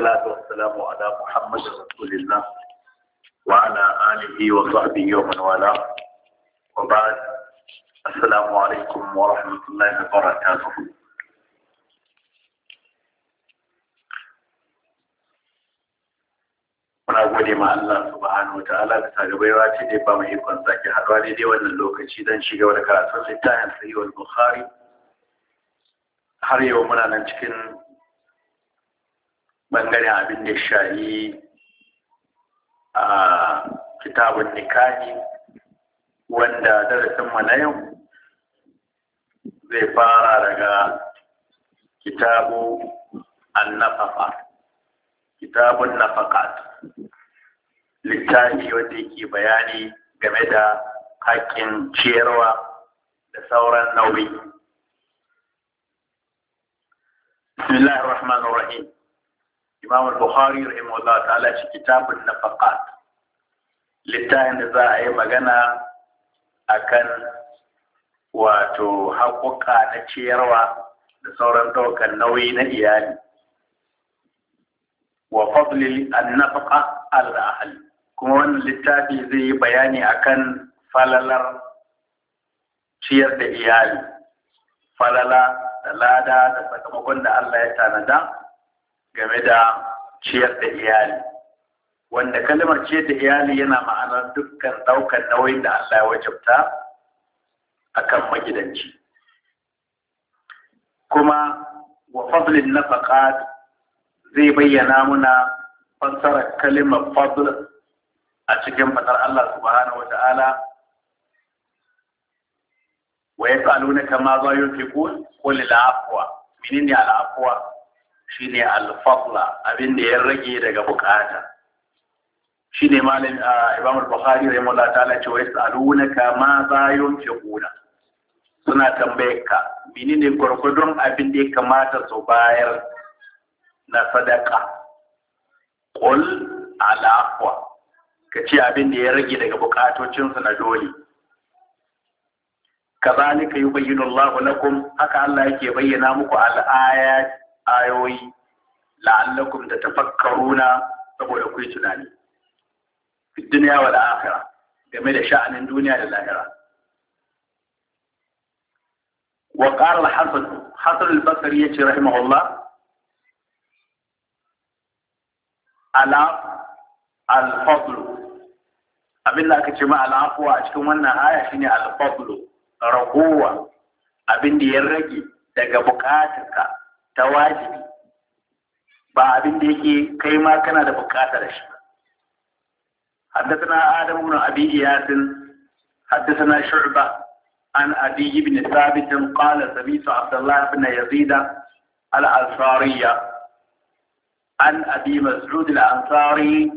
والصلاة والسلام على محمد رسول الله وعلى آله وصحبه ومن والاه وبعد السلام عليكم ورحمة الله وبركاته muna gode ma Allah subhanahu wa ta'ala da tagabaiwa ce dai ba mu ikon sake haɗuwa daidai wannan lokaci don shiga da karatun littafin sahihul bukhari har yau muna nan cikin bangaren abin da shayi a kitabun nikahi wanda darasinmu na yau zai fara daga kitabu annafafa kitabun nafakat littafi wanda yake bayani game da hakkin ciyarwa da sauran nauyi bismillahir rahmanir rahim imam al-bukhari rahimahullah ta'ala shi kitabun nafaqat littafin da za a yi magana akan wato haƙuƙa na ciyarwa da sauran ɗaukar nauyi na iyali wa fadlil annafaqa al ahli kuma wannan littafi zai yi bayani akan falalar ciyar da iyali falala da lada da sakamakon da Allah ya tanada game da ciyar da iyali wanda kalmar ciyar da iyali yana ma'anar dukkan ɗaukar nauyin da Allah ya wajabta akan magidanci kuma wa fadlin nafaqat zai bayyana muna fansarar kalmar fadl a cikin fadar Allah subhanahu wa ta'ala wa yasalunaka ma za yunfiqun qul al-afwa menene al-afwa Shin ne alfafla abin da ya rage daga bukata shine a Imam al-Bukhari rahimahullah ta'ala ce wa ka ma za kuna suna tambayar ka menene gwargwadon abin da ya kamata su bayar na sadaka Kul ala ka ce abin da ya rage daga bukatocin na dole kazalika yubayyinu na lakum haka Allah yake bayyana muku al ayoyi la'allakum da tafakkaruna saboda ku yi tunani fi duniya wal akhirah game da sha'anin duniya da lahira wa qala al-hasan hasan al-basri yace rahimahullah ala al-fadl abin da aka ce ma al'afuwa a cikin wannan aya shine al-fadl ragowa abin da ya rage daga bukatarka na wajibi ba abin da yake kai ma kana da bukatar shi حدثنا آدم بن أبي إياس حدثنا شعبة عن أبي بن ثابت قال سميت عبد الله بن يزيد الأنصارية عن أبي مسعود الأنصاري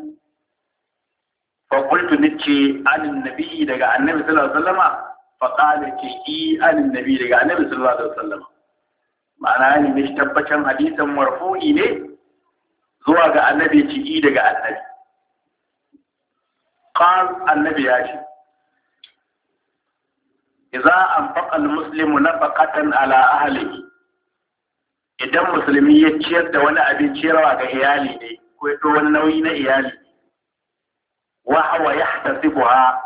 فقلت نتشي عن النبي دقى النبي صلى الله عليه وسلم فقال تشي عن النبي دقى النبي صلى الله عليه وسلم ma'ana ne mishi tabbacin hadisin marfu'i ne zuwa ga annabi ci daga annabi qal annabi ya ce idza anfaqa almuslimu nafaqatan ala ahlihi idan musulmi ya ciyar da wani abin ciyarwa ga iyali ne ko ya wani nauyi na iyali wa hawa yahtasibuha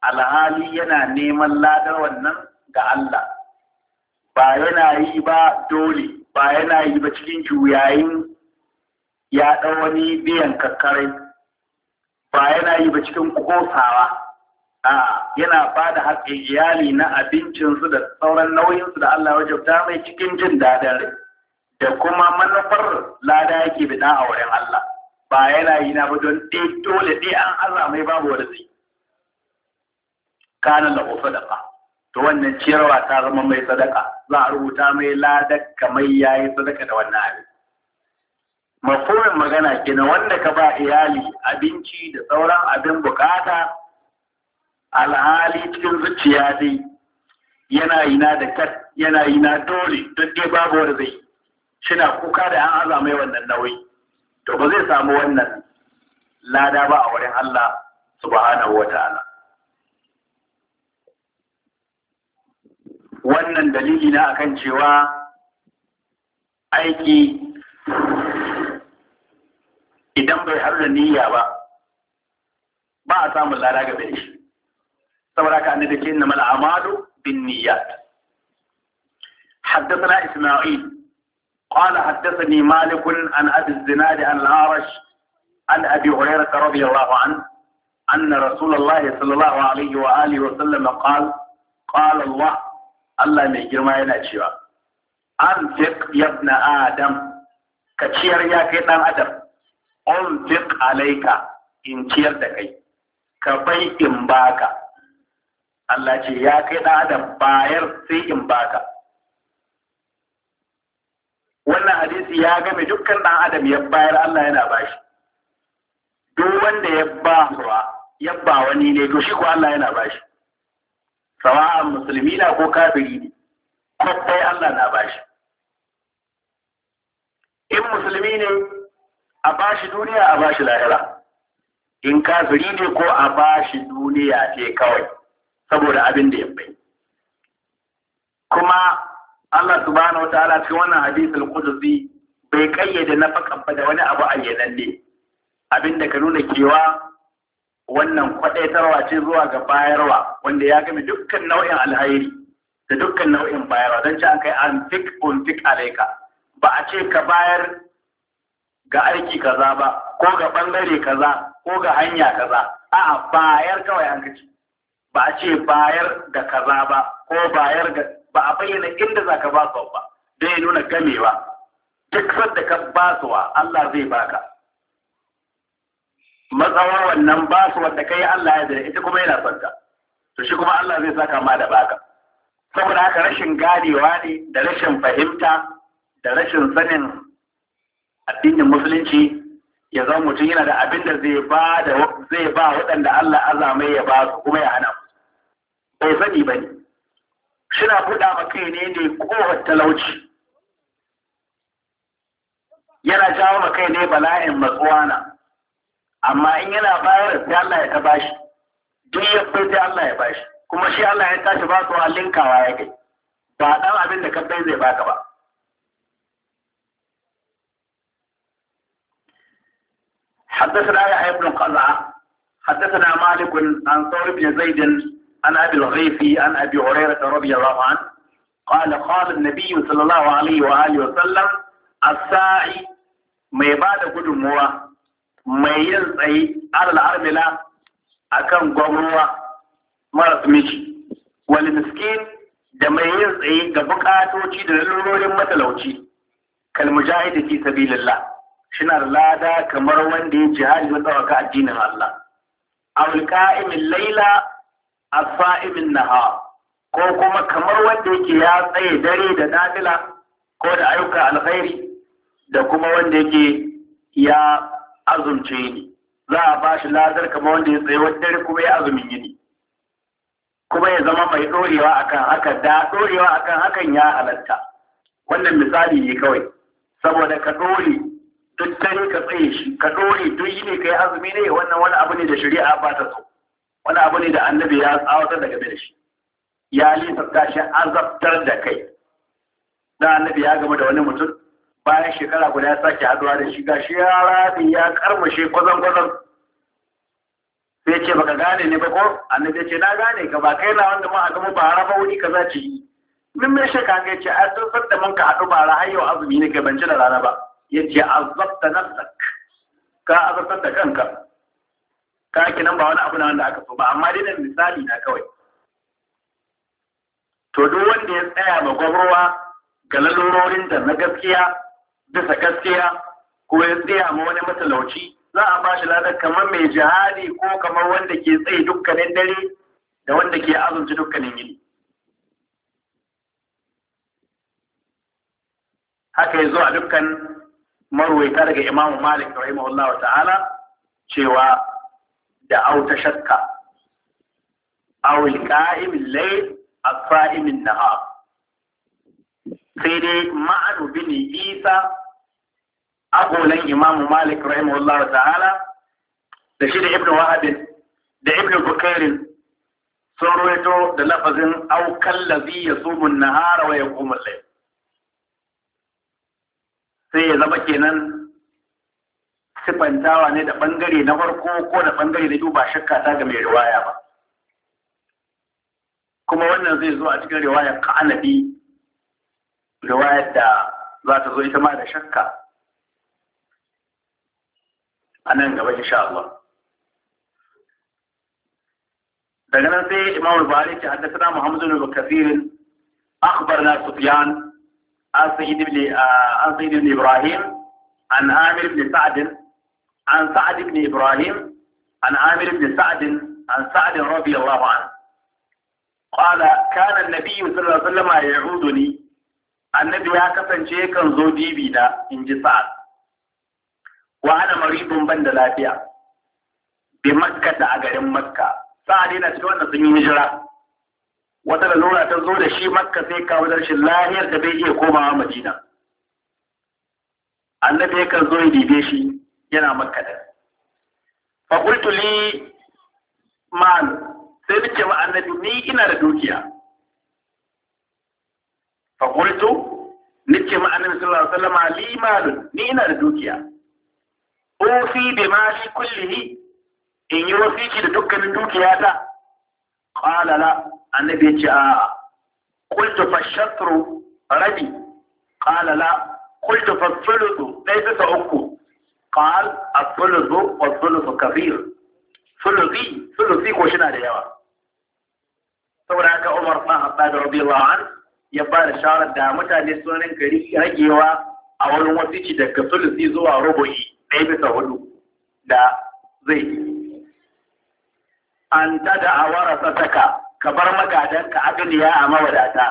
alhali yana neman ladar wannan ga Allah ba yana yi ba dole ba yana yi ba cikin juyayin ya ɗan wani biyan kakkarai ba yana yi ba cikin kosawa a yana ba da haƙƙin iyali na abincinsu da sauran nauyinsu da Allah wajabta mai cikin jin daɗin rai da kuma manufar lada yake bida a wurin Allah ba yana yi na ba don ɗaya dole ɗaya an Allah mai babu wani zai kana da ba. to wannan ciyarwa ta zama mai sadaka za a rubuta mai ladar kamar ya yi sadaka da wannan abin makomin magana kenan wanda ka ba iyali abinci da sauran abin bukata alhali cikin zuciya dai yana yi na da kat yana yi na dole don dai babu wanda zai shina kuka da an aza mai wannan nauyi to ba zai samu wannan lada ba a wurin Allah subhanahu wa ta'ala wannan dalili na akan cewa aiki idan bai har da niyya ba ba a samun lada ga bai shi saboda ka annabi ce innamal a'malu bin niyyat حدثنا إسماعيل قال حدثني مالك عن أبي الزناد عن الأعرج عن أبي هريرة رضي الله عنه أن رسول الله صلى الله عليه وآله وسلم قال قال الله Allah mai girma yana cewa an fiq yabna adam ka ciyar ya kai dan adam on fiq alaika in ciyar da kai ka bai in baka Allah ce ya kai dan adam bayar sai in baka wannan hadisi ya game dukkan dan adam ya bayar Allah yana bashi duk wanda ya ba ya ba wani ne to shi ko Allah yana bashi sawa'an musulmi na ko kafiri ne kwakwai Allah na bashi in musulmi ne a bashi duniya a bashi lahira in kafiri ne ko a bashi duniya ce kawai saboda abin da ya bai kuma Allah subhanahu wa ta'ala cikin wannan hadisul qudsi bai kayyade nafaka ba da wani abu ne abin da ka nuna kewa wannan kwadaitarwa ce zuwa ga bayarwa wanda ya gami dukkan nau'in alhairi da dukkan nau'in bayarwa don ci an kai an fik un fik alaika ba a ce ka bayar ga aiki kaza ba ko ga bangare kaza ko ga hanya kaza a'a bayar kawai an kaci ba a ce bayar da kaza ba ko bayar ga ba a bayyana inda za ka ba ba dai ya nuna gamewa duk sadda ka basuwa Allah zai baka matsawar wannan ba su wanda kai Allah ya da ita kuma yana son ka to shi kuma Allah zai saka ma da baka saboda haka rashin ganewa ne da rashin fahimta da rashin sanin addinin musulunci ya zama mutum yana da abin da zai ba da zai ba waɗanda Allah azamai ya ba su kuma ya hana bai sani ba ne shina buɗa ma kai ne ne kowar talauci yana jawo ma kai ne bala'in matsuwana amma in yana bayar sai Allah ya ta bashi duk ya bai sai Allah ya bashi kuma shi Allah ya tashi ba su linkawa ya kai ba dan abin da kabbai zai baka ba حدثنا يحيى بن قزعة حدثنا مالك عن ثور بن زيد عن ابي الغيثي عن ابي هريره رضي الله عنه قال قال النبي صلى الله عليه واله وسلم الساعي ما ba da mai yin tsaye alal armila akan gwamruwa maras miki Wani miskin da mai yin tsaye ga bukatoci da lalurorin matalauci kal ke fi sabilillah Shin na lada kamar wanda ya jihadi na tsawaka addinin Allah wulkaimin Laila a fa'imin saimin ko kuma kamar wanda yake ya tsaye dare da nafila ko da ayyuka alkhairi da kuma wanda yake ya azumce ni za a ba shi ladar kama wanda ya tsaye wani dare kuma ya azumin yini kuma ya zama mai ɗorewa akan haka da ɗorewa akan hakan ya halatta wannan misali ne kawai saboda ka ɗore duk dare ka tsaye shi ka ɗore duk ne ka yi azumi ne wannan wani abu ne da shari'a ba ta so wani abu ne da annabi ya tsawatar da gabe da shi ya lisa shi azabtar da kai da annabi ya gama da wani mutum bayan shekara guda ya sake haduwa da shi shi ya rabi ya karmashe kwazan kwazan sai ce baka gane ne ba ko annabi ce na gane ka ba kai na wanda mun haɗu mu ba raba wuri kaza ce yi min mai shaka ga ce a sun san da mun ka haɗu ba ra har yau azumi ne kai banci da rana ba yace azabta nafsak ka azabtar da kanka ka nan ba wani abu na wanda aka so ba amma dai misali na kawai to duk wanda ya tsaya ma gwamrowa ga lalurorin da na gaskiya bisa gaskiya ko ya tsaya ma wani matalauci za a ba shi ladar kamar mai jihadi ko kamar wanda ke tsaye dukkanin dare da wanda ke azumci dukkanin yini haka ya zo a dukkan marwaita daga imamu malik rahimahullah wa ta'ala cewa da auta shakka awil qa'imin layl sai dai ma'anubi ne isa agolan imamu malik rahimahullah ta'ala da shi da ibn wahabin da ibn bukairin sun ruwaito da lafazin aukan lazi ya sumun nahara wa ya kuma lai sai ya zama kenan sifantawa ne da bangare na farko ko da bangare na biyu ba shakka ta ga mai riwaya ba kuma wannan zai zo a cikin riwayar ka'anabi riwayar da za ta zo ita ma da shakka a nan gaba insha Allah daga nan sai Imam Bukhari ce haddathana Muhammad ibn Kathir akhbarna Sufyan an Sa'id ibn ah, an Sa'id ibn Ibrahim an Amir ibn Sa'd an Sa'd ibn Ibrahim an Amir ibn Sa'd an Sa'd radiyallahu anhu قال كان النبي صلى الله عليه وسلم يعودني النبي ya kasance kan zo dibi na in ji sa'ad wa ana maribin ban da lafiya bi makka da a garin makka sa'ad yana cikin wannan sun yi hijira wata da lura ta zo da shi makka sai kawo da rashin lahiyar da bai iya komawa madina annabi yakan zo ya dibe shi yana makka da fa qultu li man sai nace ma annabi ni ina da dukiya fa qultu nace ma annabi sallallahu alaihi wasallam li mal ni ina da dukiya ofi bi mali kullihi in yi wasiki da dukkanin dukiyata qala la annabi ce a qultu fa shatru rabi qala la qultu fa thuluthu dai bisa uku qal ath-thuluthu wa thuluthu kabir thuluthi thuluthi ko shi na da yawa saboda haka Umar bin Khattab radiyallahu an ya ba da shawarar da mutane sunan gari ragewa a wurin wasiki daga thuluthi zuwa rubu'i an tada a warasataka ka bar magadanka duniya a mawadata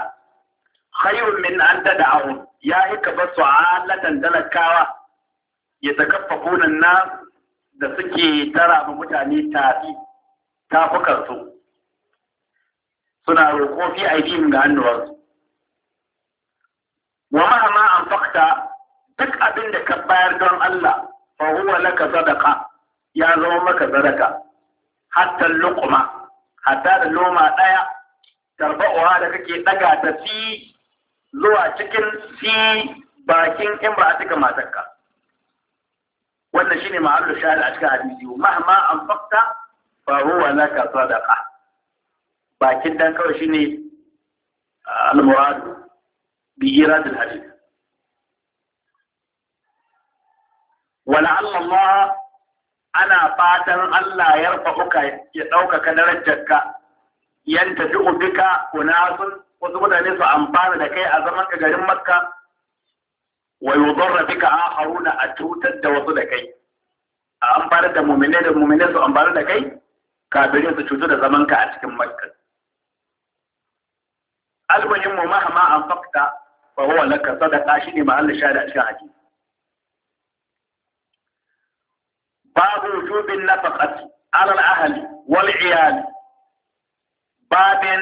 Hayun min an tada hun, ya yi ka bar su alatan dalakawa ya takaffa kunan na da suke tara ma mutane tafi tafukansu suna roƙo fi aidihim ga hannuwarsu. wa ma'ama an fakta duk abin da ka bayar don Allah fa huwa laka sadaka, ya zama maka sadaka حتى اللقمة حتى اللقمة دايا تربقوا هذا كي تقع تسي زوا تشكن سي باكين إن بعدك ما تكا ولا شيني ما عبر الشهر عشكا حديثي ومهما أنفقت فهو لك صدقة باكين دانك وشيني آه، المراد بإيراد الحديث ولعل الله ana fatan Allah ya uka ya ɗaukaka darajarka yanta duk bika sun wasu mutane su amfana da kai a zaman ka garin makka wa yudarra bika akharuna a cutar da wasu da kai a amfana da mumine da mumine su amfana da kai kafirin su cutu da zaman ka a cikin makka almuhimmu mahama anfaqta fa huwa laka sadaqa ne mahallin shahada a cikin hadisi babu dubin nafaqati ala al-ahli wal iyali babin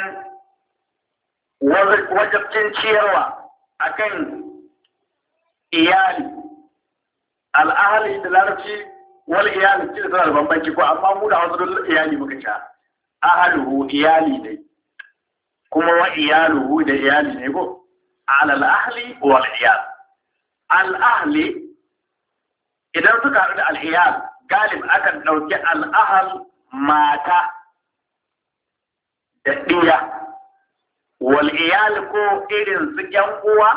wajabcin ciyarwa akan iyali al'ahali da larabci wal iyali ce da bambanci ko amma mu da wasu iyali muka sha ahaluhu iyali ne kuma wa iyaluhu da iyali ne ko alal ahli wal iyal al ahli idan suka haɗu da al galib akan ɗauki al'ahal mata da ɗiya wal iyal ko irin su ƴan uwa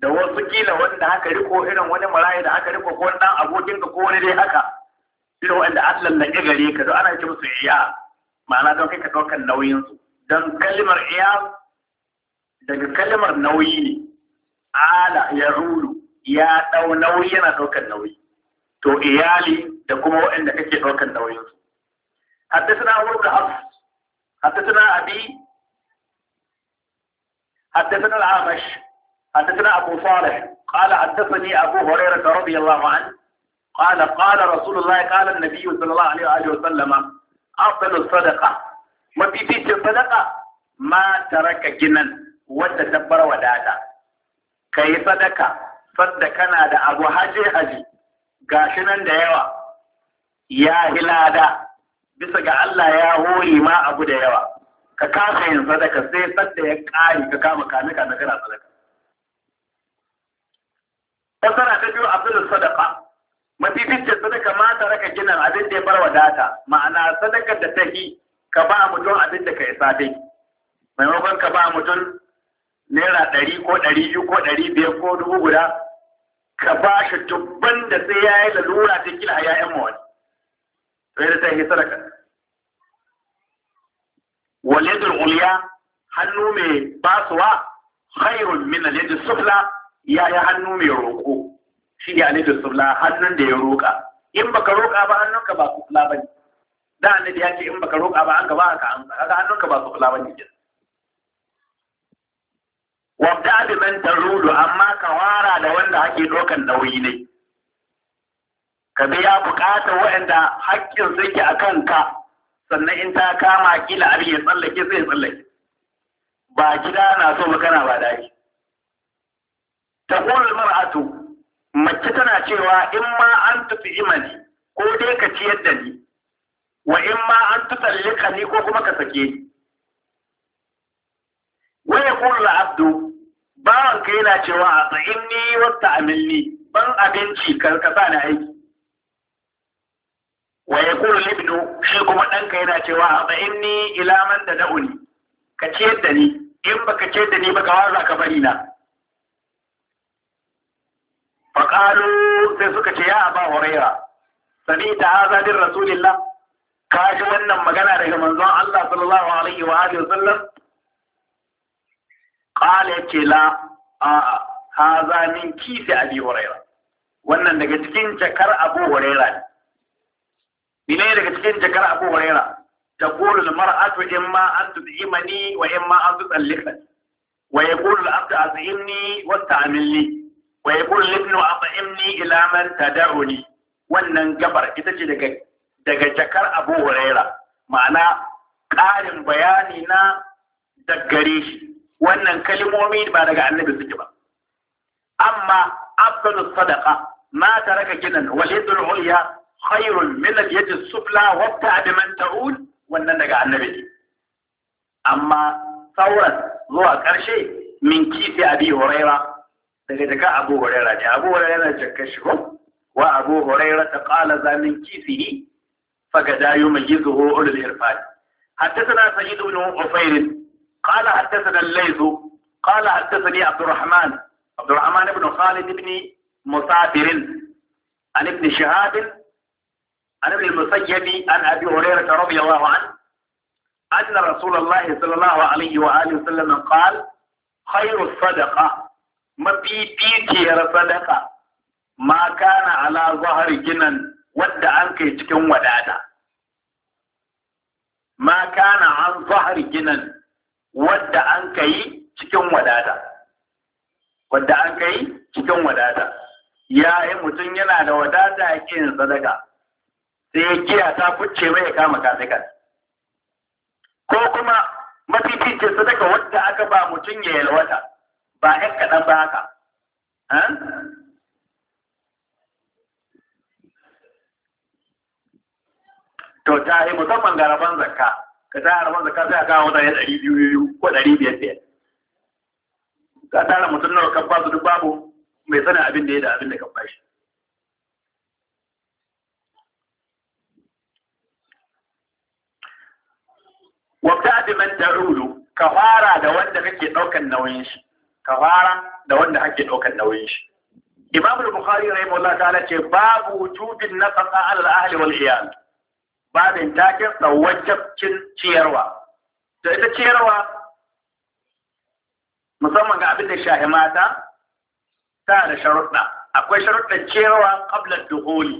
da wasu kila wanda aka riko irin wani marayi da aka riko ko dan abokin ka ko wani dai haka irin wanda an lallake gare ka don ana ce musu iya ma'ana don kai ka ɗaukan nauyin su don kalmar iya daga kalmar nauyi ne ala ya rulu ya ɗau nauyi yana ɗaukan nauyi to iyali da kuma waɗanda kake ɗaukar nauyinsu. Haddasa na Umar da Hafs, haddasa Abi, haddasa Al-Amash, haddasa Abu Salih, qala haddasa Abu Hurairah ta rabi Allah ma'an, ƙala qala Rasulullah ƙala Nabi sallallahu alaihi wa sallama, afdalu sadaqa, mafificin sadaqa ma taraka ginan wadda ta bar wadata. Ka yi sadaka, sadda kana da abu haje haji, gashi nan da yawa ya hilada bisa ga Allah ya hori ma abu da yawa ka kasa yin sadaka sai sadda ya ƙari ka kama kame ka na gara sadaka fasara ta biyu abdul sadaka mafificin sadaka ma ta raka gina abin da ya bar wadata ma'ana sadakar da ta yi ka ba mutum abin da ka yi sadai maimakon ka ba mutum naira ɗari ko ɗari biyu ko ɗari biyar ko dubu guda ka ba shi dubban da sai ya yi lalura ta kila a yayan mawani sai da ta yi sadaka walidul uliya hannu mai basuwa khairun min alidul sufla ya yi hannu mai roƙo shi ne alidul sufla hannun da ya roƙa in baka roƙa ba hannunka ba sufla ba ne da annabi ya ce in baka roƙa ba an gaba ka an hannunka ba sufla ba ne wabda da man tarudu amma ka wara da wanda ake dokan nauyi ne ka biya bukata waɗanda haƙƙin suke akan ka sannan in ta kama kila abin ya tsallake sai ya tsallake ba gida na so ba kana ba daji ta mar'atu mace tana cewa in ma an tufi imani ko dai ka ciyar da ni wa in ma an tutallika ni ko kuma ka sake ni wa yaqulu abdu bawan ka yana cewa a tsayin ni wata amilni ban abinci karkasa na aiki wa ya kuru libdo shi kuma ɗanka yana cewa a tsayin ni ilaman da da'uni ka ciyar da ni in baka ciyar da ni baka waza ka bari na faƙalu sai suka ce ya aba huraira Sani ta haza rasulillah ka ji wannan magana daga manzon Allah sallallahu alaihi wa alihi wa sallam qala ce la a haza min kifi abi wannan daga cikin jakar abu huraira ne mene daga cikin jakar abu huraira تقول المرأة إما أن تطعمني وإما أن تطلقني ويقول الأب أطعمني واستعملني ويقول الابن أطعمني إلى من تدعوني wannan gabar ita ce daga daga jakar Abu Huraira ma'ana ƙarin bayani na daggare shi wannan kalimomi ba daga annabi suke ba amma afdalu sadaqa ma taraka ginan wal yadul ulya khairun min al yad sufla wa ta'd man ta'ul wannan daga annabi amma sauran zuwa karshe min kisi abi huraira daga daga abu huraira ne abu huraira ne jakka shi wa abu huraira ta qala za min kifihi fa gada yumayyizuhu ulul irfan حدثنا سعيد بن عفير قال حدثنا الليث قال حدثني عبد الرحمن عبد الرحمن بن خالد بن مصابر عن ابن شهاب عن ابن المسيب عن ابي هريره رضي الله عنه ان رسول الله صلى الله عليه واله وسلم قال خير الصدقه ما في بيتي صدقه ما كان على ظهر جنن ودع عنك تكون ودادا ما كان عن ظهر جنن wadda an kai cikin wadata wadda an kai cikin wadata ya yi mutum yana da wadata ya ƙin sadaka sai giya ta kucce mai kama kasakan ko kuma mafi ce sadaka wadda aka ba mutum ya yalwata ba ya kaɗan ba haka to ta yi musamman garaban zakka ka sa harfan zaka sai a kawo mutane ɗari biyu biyu ko ɗari biyar biyar ka tara mutum nawa kan ba su duk babu mai sanin abin da ya da abin da kan ba shi wabta da man ta'ulu ka fara da wanda kake ɗaukan nauyin shi ka fara da wanda kake ɗaukan nauyin shi imam al-bukhari rahimahullah ta'ala ce babu wujubin nafaqa ala al-ahli wal iyal babin takin tsawacin ciyarwa to ita ciyarwa musamman ga abin da shahi mata ta da sharuɗa akwai sharuɗa ciyarwa ƙablar duhuli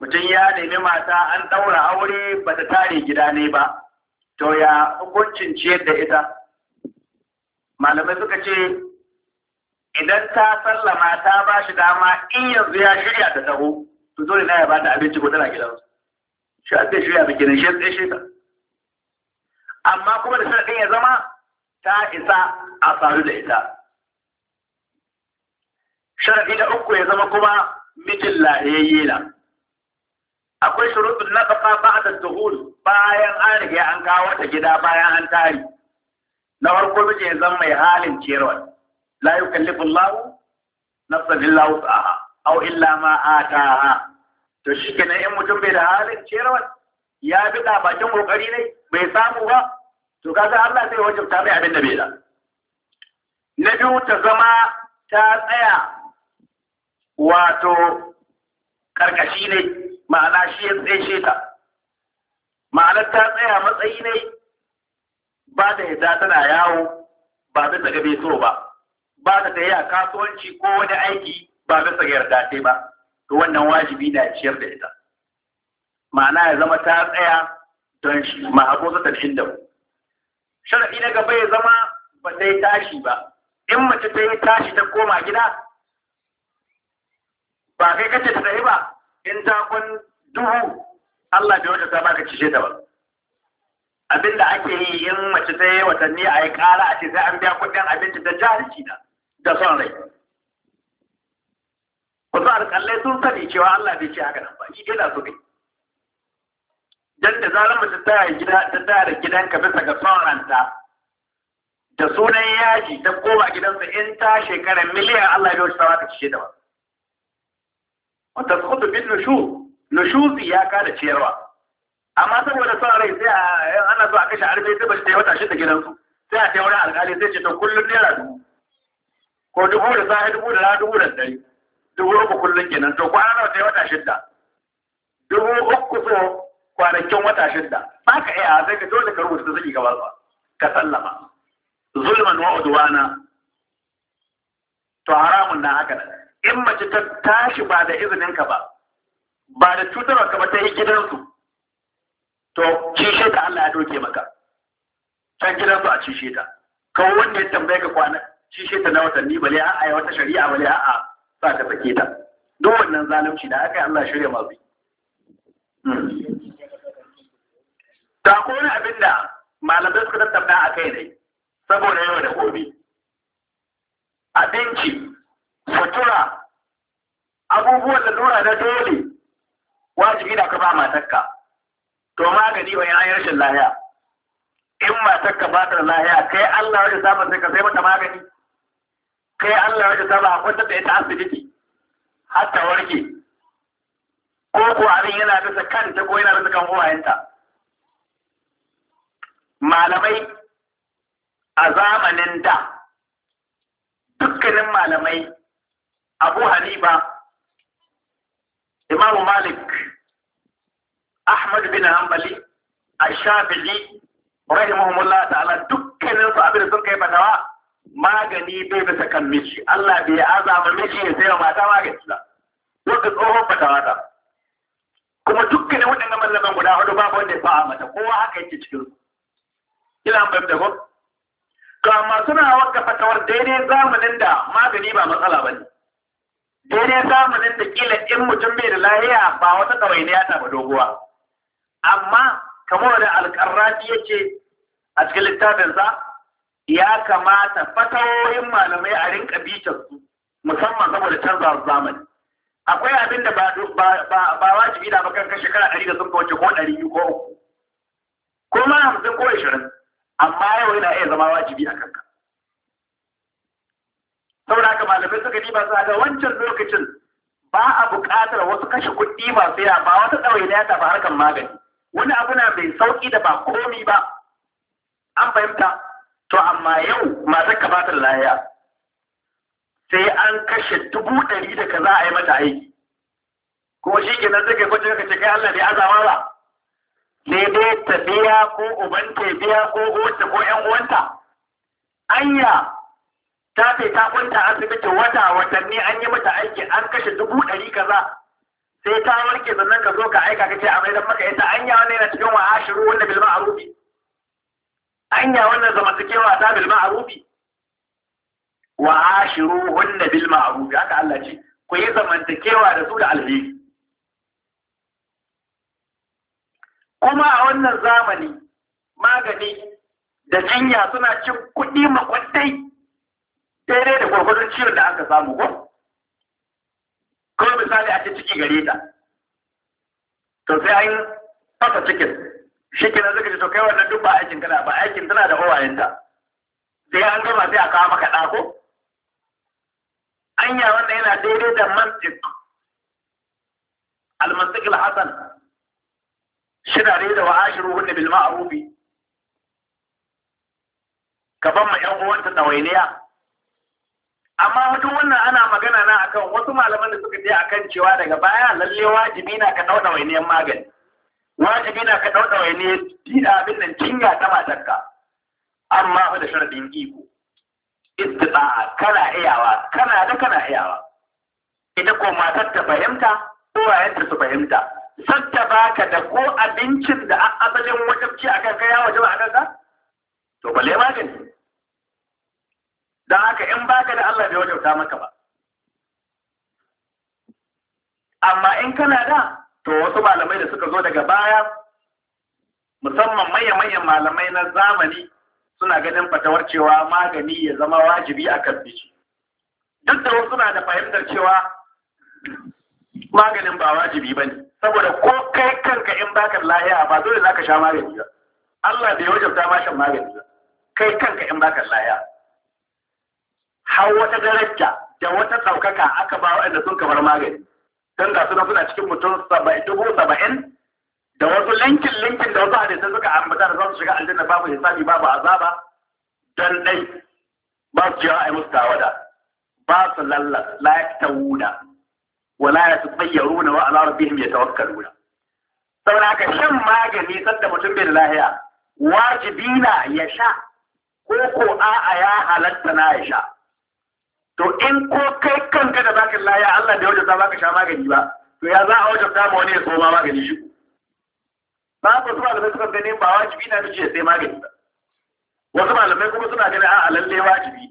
mutum ya nemi mata an ɗaura aure ba ta tare gida ne ba to ya hukuncin ciyar da ita malamai suka ce idan ta sallama ta ba shi dama in yanzu ya shirya ta taho to dole na ya ba da abinci ko tana gidansu shi a zai shirya bikinin shi tsaye shi ta amma kuma da sanadin ya zama ta isa a faru da ita sharaɗi da uku ya zama kuma mijin lahiyayye na akwai shuruɗin na ƙafa ba da duhul bayan an riga an kawo ta gida bayan an tari na farko mijin ya zama mai halin ciyarwa la yukallifu Allahu nafsan illa wus'aha aw illa ma ataha to shikenan in mutum bai da halin ciyarwa ya bi da bakin kokari ne bai samu ba to kaga Allah zai ta mai abin da bai da na biyu ta zama ta tsaya wato karkashi ne ma'ana shi ya tsaye ta ma'ana ta tsaya matsayi ne ba da yadda tana yawo ba bisa bai so ba ba da ta yi a kasuwanci ko wani aiki ba bisa ga yarda sai ba to wannan wajibi na ciyar da ita ma'ana ya zama ta tsaya don shi ma hakosa ta da sharadi na gaba ya zama ba ta yi tashi ba in mace ta yi tashi ta koma gida ba kai kace ta tsaye ba in ta kun duhu Allah bai wata ta baka cishe ta ba abinda ake yi in mace ta yi watanni a yi kara a ce sai an biya kuɗin abinci da jahilci da da son rai wasu alƙalai sun sani cewa Allah bai ce haka nan ba shi dai su ne dan da zarar mace ta yi gida ta tsaya da ka bisa ga sauranta da sunan yaji ta koma gidansa in ta shekara miliyan Allah bai wuce ta cishe da ba wata sukutu bin nushu nushuzi ya kada ciyarwa amma saboda son rai sai a ana so a kashe arfe sai bashi ta yi wata shida gidansu sai a ta yi wani alƙali sai ce to kullum naira dubu ko dubu da sahi dubu da dubu da dari dubu uku kullum kenan to kwana nawa sai wata shidda dubu uku so kwanakin wata shidda ba ka iya sai ka dole ka rubuta zaki gaba ba ka sallama zulman wa udwana to haramun na haka in mace ta tashi ba da izinin ka ba ba da cutarwa ka ba ta yi gidansu to kishe ta Allah ya doke maka can gidansu a cishe ta kawai wanda ya tambaye ka kwana cishe ta na watanni bale a'a ya wata shari'a bale a'a sa ta sake ta duk wannan zalunci da aka yi Allah shirya masu hmm. ta kone abin da malamai suka tattauna a kai ne saboda yau da gobe abinci sutura abubuwan da lura na dole wajibi da ka ba matarka to magani wa yana rashin lahiya in matakka ba ta lahiya kai Allah ya samu sai ka sai mata magani kai Allah ya ta ba a kwantar da ita asibiti har ta warke ko ko abin yana bisa kanta ko yana bisa kan uwayenta malamai a zamanin da dukkanin malamai abu hanifa Imam malik ahmad bin hanbali a shafi'i rahimahumullah ta'ala dukkanin su abin da sun kai fatawa magani bai bisa kan miji Allah bai azama miji ya sai mata magani ba wanda tsohon bata mata kuma dukkanin waɗannan mallaman guda hudu babu wanda ya fa'a mata kowa haka yake cikin su ina ban da gwam to amma suna wakka fatawar daidai zamanin da magani ba matsala ba ne daidai zamanin da kila in mutum bai da lahiya ba wata ɗawainiya ta ba doguwa amma kamar da alƙarrafi yake a cikin littafinsa ya kamata fatawoyin malamai a rinka bitar su musamman saboda canza zamani akwai abin da ba wajibi da bakan kan shekara ɗari da sun kawance ko ɗari biyu ko uku ko ma hamsin ko ashirin amma yau yana iya zama wajibi a kanka saboda haka malamai suka diba su haka wancan lokacin ba a buƙatar wasu kashe kuɗi masu yawa ba wata na ta ba harkar magani wani abu na mai sauƙi da ba komi ba an fahimta to amma yau matar ka ba ta lahiya sai an kashe dubu ɗari da kaza a yi mata aiki Ko shi ke nan kai kwacin ka ce kai Allah ne azama ba ne dai ta biya ko uban ta biya ko uwanta ko ƴan uwanta anya ta ce ta kwanta asibiti wata watanni an yi mata aiki an kashe dubu ɗari kaza sai ta warke sannan ka zo ka aika ka ce a maidan maka ita anya wani yana cikin wa ashiru wanda a rufe. anya wannan zamantakewa ta bil ma'rufi wa ashiruhunna bil ma'ruf haka Allah ce ku yi zamantakewa da su da alheri kuma a wannan zamani magani da jinya suna cin kuɗi makwantai daidai da gwargwadon ciwon da aka samu ko kawai misali a ce ciki gare ta to an fasa cikin shi kenan suka ce to kai wannan duk ba aikin kana ba aikin tana da uwayenta sai an gama sai a kawo maka dako anya wannan yana daidai da mantik almantik alhasan shi na daidai da wa ashiru hunna bil ma'ruf ka ban ma 'yan uwanta ɗawainiya amma mutum wannan ana magana na akan wasu malaman da suka je akan cewa daga baya lalle wajibi na ka ɗau ɗawainiyan magani wajibi yana ka wa ne dina abin nan cinya ta matarka amma fa da sharadin iko istita'a kana iyawa kana da kana iyawa ita ko matar ta fahimta Ko uwayenta su fahimta sadda baka da ko abincin da an asalin wajabci a kanka ya wajaba a kanka to balle magani don haka in baka da Allah bai wajauta maka ba amma in kana da to wasu malamai da suka zo daga baya musamman manya-manyan malamai na zamani suna ganin fatawar cewa magani ya zama wajibi a kan biki duk da wasu na da fahimtar cewa maganin ba wajibi ba ne saboda ko kai kanka in baka lahiya ba dole za ka sha magani ba Allah bai wajabta ma shan magani ba kai kanka in baka lahiya har wata daraja da wata ɗaukaka aka ba waɗanda sun kamar magani don ga suna suna cikin mutum saba'in dubu saba'in da wasu linkin linkin da wasu hadisai suka ambata da za su shiga aljanna babu hisabi babu azaba don dai ba su jiya a yi musu tawada ba su lalla la yaktawuna wa la yatayyaruna wa ala rabbihim yatawakkaluna saboda haka shan magani sanda mutum bai da lahiya wajibi na ya sha ko ko a'a ya halatta na ya sha to in ko kai kanka da zaka laya Allah da wajen za ka sha magani ba to ya za a wajen samu wani ya koma magani shi ba ku zuwa da suka ganin ba wajibi na miji sai magani ba wasu malamai kuma suna ganin a lalle wajibi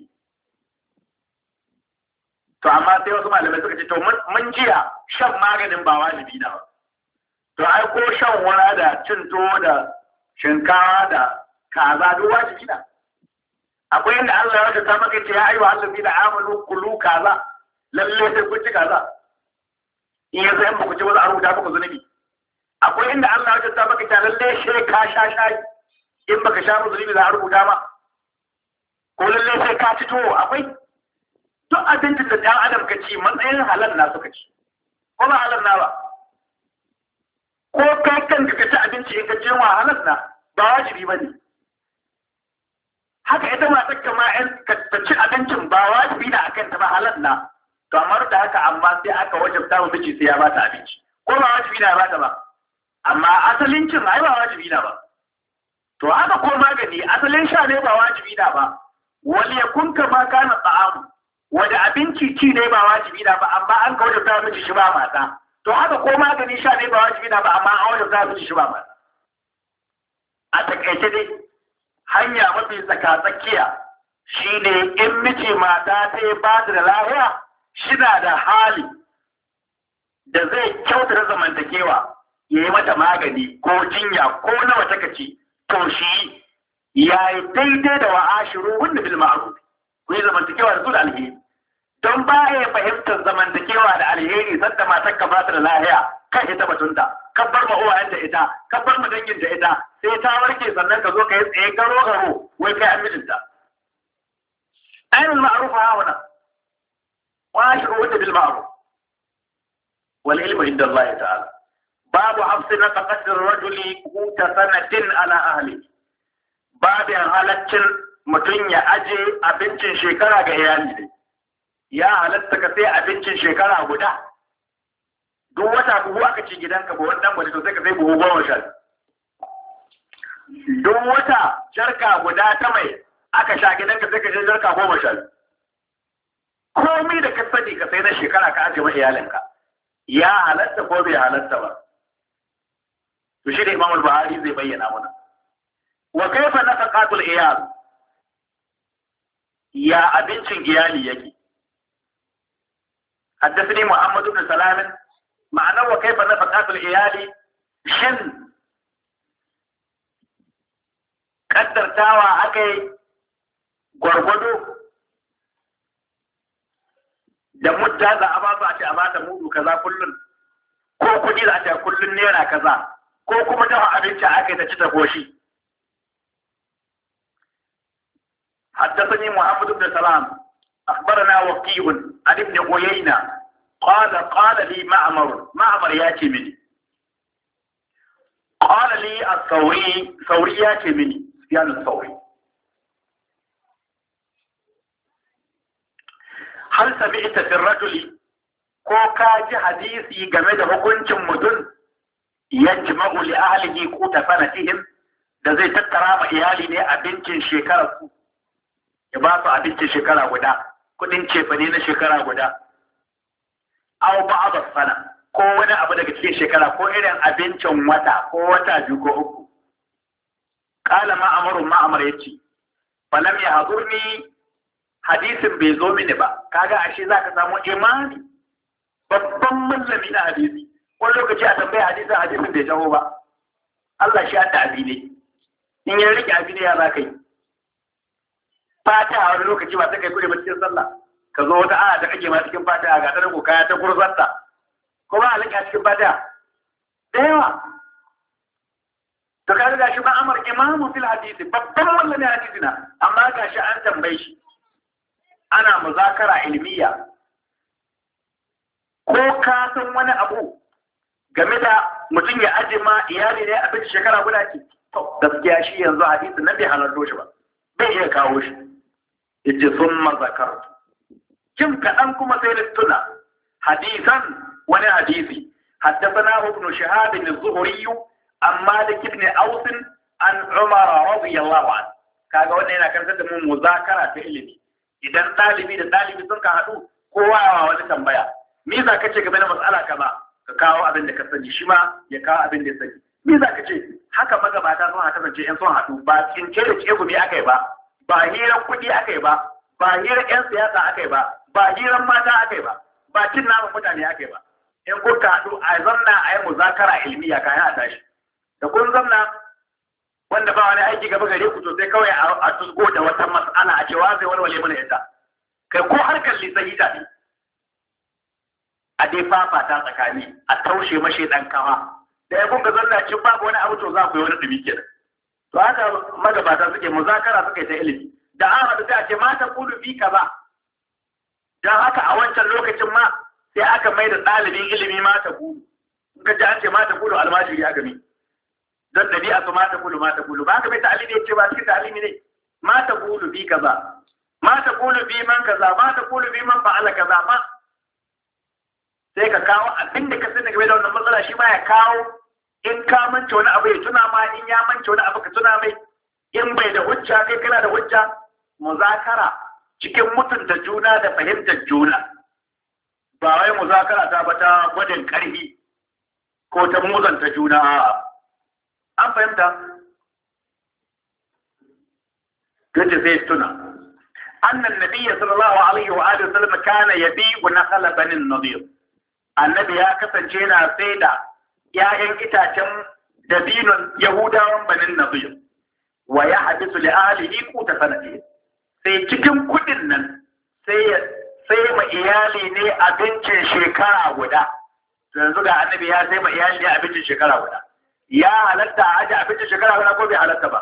to amma sai wasu malamai suka ce to mun jiya shan maganin ba wajibi na ba to ai ko shan wura da cin tuwo da shinkawa da kaza duk wajibi na akwai inda Allah ya ta maka ce ya wa allazi da amalu kulu kaza lalle sai ku ci kaza in ya zai muku ci wani a da kuma zunubi akwai inda Allah ya ta maka ta lalle sai ka sha shayi in baka sha mu zunubi za a rubuta ma ko lalle sai ka ci tuwo akwai duk abincin da dan adam ka ci matsayin halal na suka ci ko ba halal na ba ko kai kan ka ci abinci in ka je wa halal na ba wajibi ba ne haka ita ma tsakka ma yan ta ci abincin ba wajibi na akan ta ba halal na Kamar da haka amma sai aka wajabta wa miji sai ya bata abinci ko ba wajibi na bata ba amma asalin cin ai ba wajibi na ba to haka ko magani asalin sha ne ba wajibi na ba wal yakun kama kana ta'amu wanda abinci ci ne ba wajibi na ba amma an ka wajabta wa miji shi ba mata to haka ko magani sha ne ba wajibi na ba amma an wajabta wa miji shi ba mata a takaice dai hanya mafi tsaka tsakiya shine in mace mata ta yi ba da lahiya na da hali da zai kyautata zamantakewa ya yi mata magani ko jinya ko nawa wata kaci to shi ya yi daidai da wa'ashiru wanda bil ku yi zamantakewa da su da alheri don ba ya fahimtar zamantakewa da alheri sanda matar ka ba ta da lahiya kan ita batunta kan bar ma uwayen da ita kan bar ma dangin da ita sai ta warke sannan ka zo ka yi tsaye garo garo wai kai an mijinta ainihin ma'arufa hawana wa shi wata bil ma'ruf wal ilmu inda Allah ta'ala babu na taqaddir rajuli huta sanatin ala ahli babin halaccin mutum ya aje abincin shekara ga iyali ne ya halatta ka sai abincin shekara guda duk wata buhu aka ci gidanka ba wannan ba to sai ka sai buhu goma sha duk wata jarka guda ta mai aka sha gidanka sai ka sai jarka goma sha komai da ka sani ka sai na shekara ka ajiye ma iyalinka ya halatta ko bai halatta ba to shi da Imam al-Buhari zai bayyana mana wa kaifa nafaqatul iyal ya abincin iyali yake حدثني محمد بن سلام معناه وكيف نفقات العيال شن قدر تاوى اكي gwargwado da mudda za a ba su a ce a bata mudu kaza kullum ko kuɗi za a ce kullum naira kaza ko kuma dafa abinci a kai ta ci ta goshi حدثني محمد بن سلام أخبرنا وكيع عن ابن عيينة قال قال لي معمر معمر ياتي مني قال لي الثوري ثوري ياتي مني سفيان الثوري هل سمعت في الرجل كوكاج حديثي جمد هكونت مدن يجمع لأهله كوت فنتهم da zai tattara ma iyali ne abincin shekara su ya kuɗin cefane na shekara guda aw ba'da sana ko wani abu daga cikin shekara ko irin abincin wata ko wata biyu ko uku qala ma'amaru ma'amar yace falam ya hazurni hadisin bai zo mini ba kaga ashe zaka samu imani babban mallami na hadisi wani lokaci a tambaya hadisin hadisin bai taho ba Allah shi a abi ne in ya rike abin ya za ka yi fatiha wani lokaci ba ta kai kure ba cikin sallah ka zo wata ala da kake ma cikin fatiha ga tsarin ko kaya ta gurzarta ko ba alƙa cikin fatiha da yawa to ka ga shi ba amar imamu fil hadisi babban wallahi hadisi na amma ga shi an tambaye shi ana muzakara ilmiya ko ka san wani abu game da mutum ya aje ma iyali ne abin shekara guda to gaskiya shi yanzu hadisi nan bai halarto shi ba bai iya kawo shi yace summa zakartu kim kaɗan kuma sai na tuna hadisan wani hadisi حدثنا ابن شهاب الزهري Amma da بن ausin عن عمر رضي الله عنه kaga wannan yana karantar da mu muzakara ta ilimi idan ɗalibi da ɗalibi sun ka haɗu kowa ya wani tambaya me za ka ce game da matsala kaza ka kawo abin da ka sani shi ma ya kawo abin da ya sani me za ka ce haka magabata sun haka kasance yan sun haɗu ba cinke da ce gumi aka yi ba ba hirar kuɗi aka yi ba ba hirar 'yan siyasa aka yi ba ba hirar mata aka yi ba ba cin namun mutane aka yi ba in kuka haɗu a zanna a yi muzakara ilmiya kayan a tashi da kun zanna wanda ba wani aiki gaba gare ku sosai kawai a tusgo da wata mas'ala a cewa zai walwale mana yadda kai ko harkar lisan ta ne a dai fafa tsakani a taushe mashi ɗan kama. da ya kun ka zanna cin babu wani abu to za ku yi wani dumi kenan to haka magabata suke muzakara suke ta ilimi da an haɗu da ce mata kudu fi kaza don haka a wancan lokacin ma sai aka mai da ɗalibin ilimi mata kudu in ji an ce mata kudu almajiri aka mi don ɗabi'a su mata kudu mata kudu ba haka mai ta'alimi ya ce ba cikin ta'alimi ne mata kudu fi kaza mata kudu fi man kaza mata kudu fi man fa'ala kaza ma sai ka kawo abin da ka sani game da wannan matsala shi ma ya kawo in ka manta wani abu ya tuna ma in ya manta wani abu ka tuna mai in bai da hujja kai kana da hujja muzakara cikin mutunta juna da fahimtar juna ba wai muzakara ta ba ta gwadin karfi ko ta muzanta juna an fahimta gaje zai tuna أن النبي صلى الله عليه وآله وسلم كان يبيع نخل بني النضير النبي يا كسن جينا سيدا ‘ya'yan itacen dabinon Yahudawan banin biyu. wa ya haɗisu li'alihi ku ta sanadi. Sai cikin kuɗin nan sai ma iyali ne abincin shekara guda. Yanzu ga annabi ya sai ma iyali ne abincin shekara guda. Ya halatta a aji abincin shekara guda ko bai halatta ba.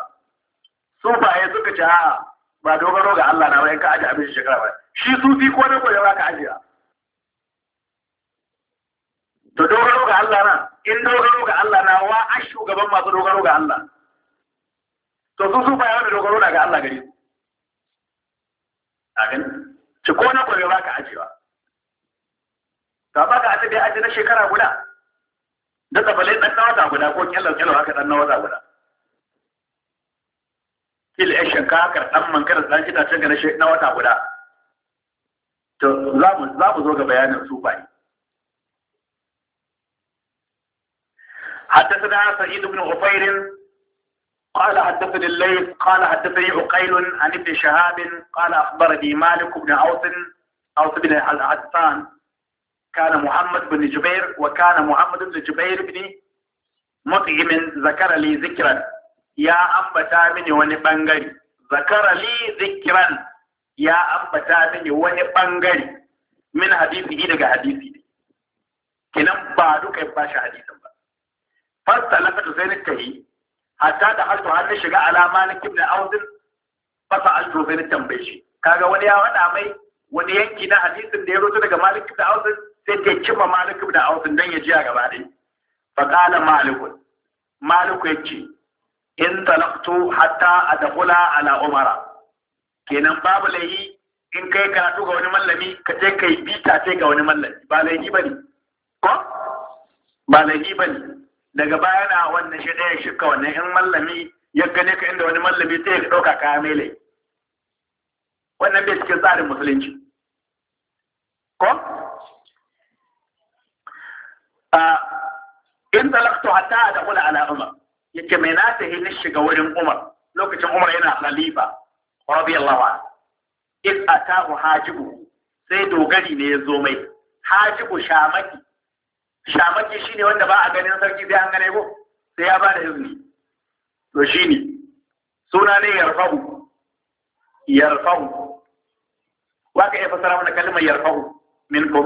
ya suka ci a ba dogaro ga Allah na ba ka aji abincin shekara guda. Shi sufi ko na gobe ba ka ajiya. To dogaro ga Allah na. in dogaro ga Allah na wa a shugaban masu dogaro ga Allah to su su bayan da dogaro ga Allah gari a gani ci ko na kwaye ba ka ajewa ta ba ka ajiye da ajiye na shekara guda da tsabalai ɗan na wata guda ko kyallar kyallar haka ɗan na wata guda kila ya shanka haka ɗan man kada ɗan can ga na wata guda to za mu zo ga bayanin su bayi حدثنا سعيد بن غفير قال حدثني الليث قال حدثني عقيل عن ابن شهاب قال أخبرني مالك بن أوس أوس بن عدفان كان محمد بن جبير وكان محمد بن جبير بن مطعم ذكر لي ذكرا يا أنبتا وني ونبنغري ذكر لي ذكرا يا أنبتا وني ونبنغري من حديثي لك حديثي كنا بعدك باش حديثا fasta lakatu sai ni tahi hatta da haltu har ni shiga alama na kimna audin fasa altu zai nika tambaye shi kaga wani ya wada mai wani yanki na hadisin da ya roto daga malik da aus sai ta kima malik da aus dan ya jiya gaba dai fa kala malik malik ce. in talaqtu hatta adkhula ala umara kenan babu layi in kai karatu ga wani mallami ka je kai bita ce ga wani mallami ba laifi bane ko ba laifi bane daga baya na wannan shi ɗaya shi ka wannan in mallami ya gane ka inda wani mallami sai ya ɗauka kaya mele wannan bai cikin tsarin musulunci ko a in talaktu hatta da kula ala umar yake mai na tahi ni shiga wurin umar lokacin umar yana khalifa radiyallahu anhu in ataahu hajibu sai dogari ne ya zo mai hajibu shamaki shamaki shine wanda ba a ganin sarki sai an gane ko sai ya ba da izini to shine suna ne yarfahu yarfahu waka ya fasara mana kalmar yarfahu min ko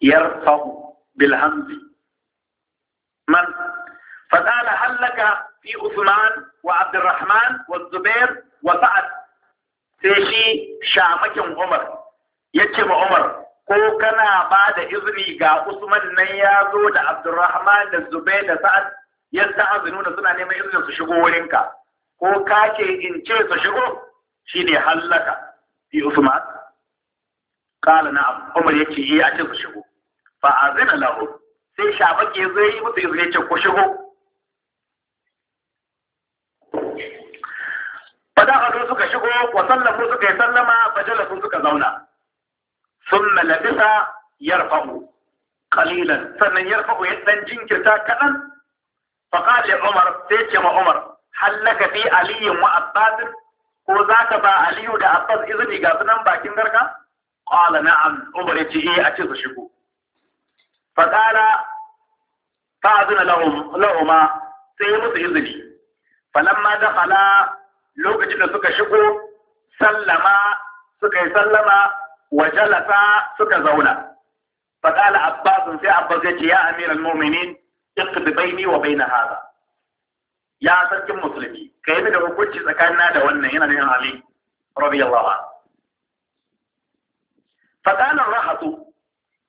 yarfahu bil hamzi man fadala فقال هل لك في عثمان wa zubair wa sa'ad sai shi shamakin Umar yace ma Umar ko kana ba da izini ga Usman nan ya zo da Abdurrahman da Zubai da Sa'ad yadda azinuna suna neman izinin su shigo wurinka ko ka ce in ce su shigo shine hallaka fi Usman kala na Umar yace yi eh, a ce su shigo fa azina lahu sai shabake zai yi musu izini ce ku shigo fada suka shigo wa sallamu suka yi sallama su suka zauna ثم لبث يرفع قليلا فمن يرفع يدن جنكرتا كذا فقال لعمر سيتي عمر هل لك في علي وعباس ko za ka ba Aliyu da Abbas izini ga sunan bakin garka? Ƙwala na'am, Umar ya ce, "Eh, a ce su shigo." Fasara ta azuna la'uma sai ya musu izini. Falamma da fala lokacin da suka shigo, sallama suka yi sallama wa jalasa suka zauna fa qala abbas sai abbas ya ce ya amiral mu'minin iqdi baini wa baina hada ya sarkin musulmi ka yi da hukunci tsakanina da wannan yana nuna Ali radiyallahu anhu fadalan rahatu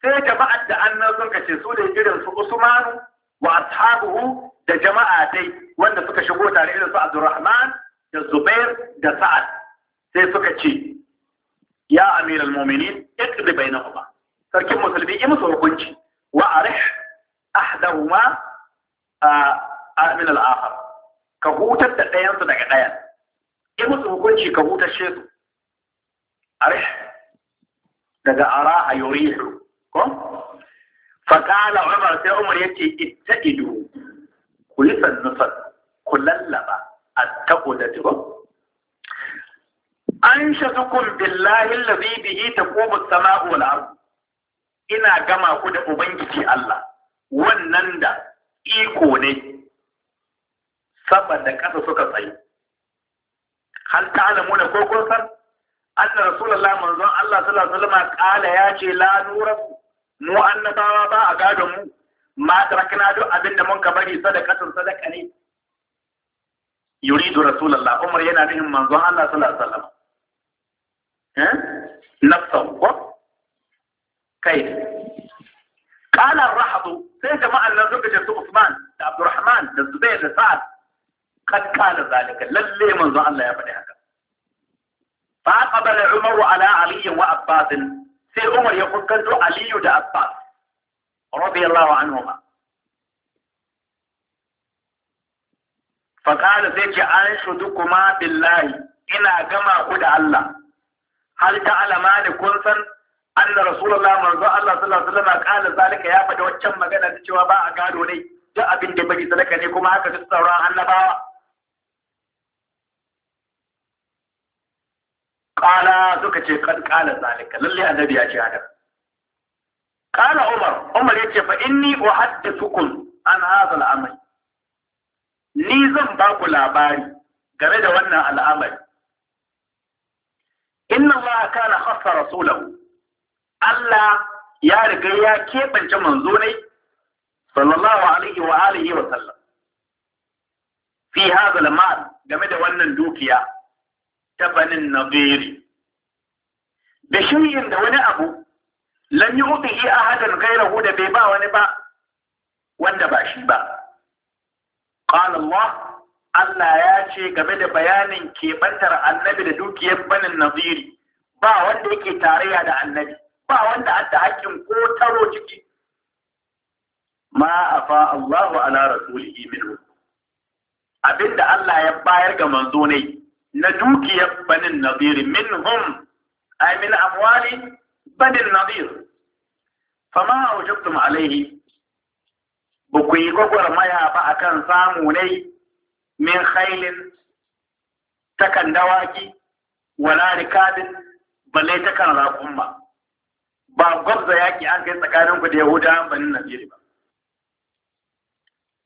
sai jama'ar da annan sun kace su da irin su Usmanu wa ashabuhu da jama'a dai wanda suka shigo tare da su Abdurrahman da Zubair da Sa'ad sai suka ce يا امير المؤمنين اقض بينهما تركي مسلمي امس وقنش وارح احدهما آه، آه، من الاخر كهوتا تتاين صدق قيان امس وقنش كهوتا الشيط ارح دقا اراها يريح كم فقال عمر سي عمر يتي اتجدوا كل فنفر كل اللبا التقودة an shatukun billahi allazi bihi taqumu as-sama'u wal ard ina gama ku da ubangiji Allah wannan da iko ne saboda kasa suka tsaye hal ta'lamu da ko san anna rasulullahi manzon Allah sallallahu alaihi wasallam kala ya ce la nura mu annabawa ba a gadon mu ma tarakna duk abinda mun ka bari sadaqatun sadaqa ne yuridu rasulullahi umar yana nihin manzon Allah sallallahu alaihi wasallam نفسه كيف قال الرحب سيد جماعة لنظر جلت عثمان عبد الرحمن الزبير سعد قد قال ذلك للي منذ الله يبني هذا فأقبل عمر على علي وأباس سي عمر يقول كنت علي دا أباس رضي الله عنهما فقال سيد جعان شدكما بالله إنا جمع قد الله hal ta alama ne kun san anna rasulullah manzo Allah sallallahu alaihi wasallam qala zalika ya faɗi waccan magana da cewa ba a gado ne duk abin da bari sadaka ne kuma haka duk sauran annabawa qala suka ce kan qala zalika lalle annabi ya ce haka qala umar umar yace fa inni uhaddithukum an hadha al-amr ni zan ba ku labari game da wannan al'amari inna Allah kana khassa rasulahu Allah ya riga ya keɓance manzo ne sallallahu alaihi wa alihi wa sallam fi hadha al-mal game da wannan dukiya ta banin nadiri da shirin da wani abu lan yi ubihi ahadan gairahu da bai ba wani ba wanda ba shi ba qala Allah Allah ya ce game da bayanin keɓantar annabi da dukiyar banin naziri ba wanda yake tarayya da annabi ba wanda hatta hakkin ko taro ciki ma afa Allahu ala rasulihi minhu abinda Allah ya bayar ga manzo ne na dukiyar banin naziri minhum ay min amwali banin nazir fama aujabtum alaihi ba ku yi gwagwarmaya ba akan samu ne min khailin takan dawaki wala rikabin balle takan raƙumma ba gwabza yaƙi an kai tsakanin ku da yahudawan banin najeriya ba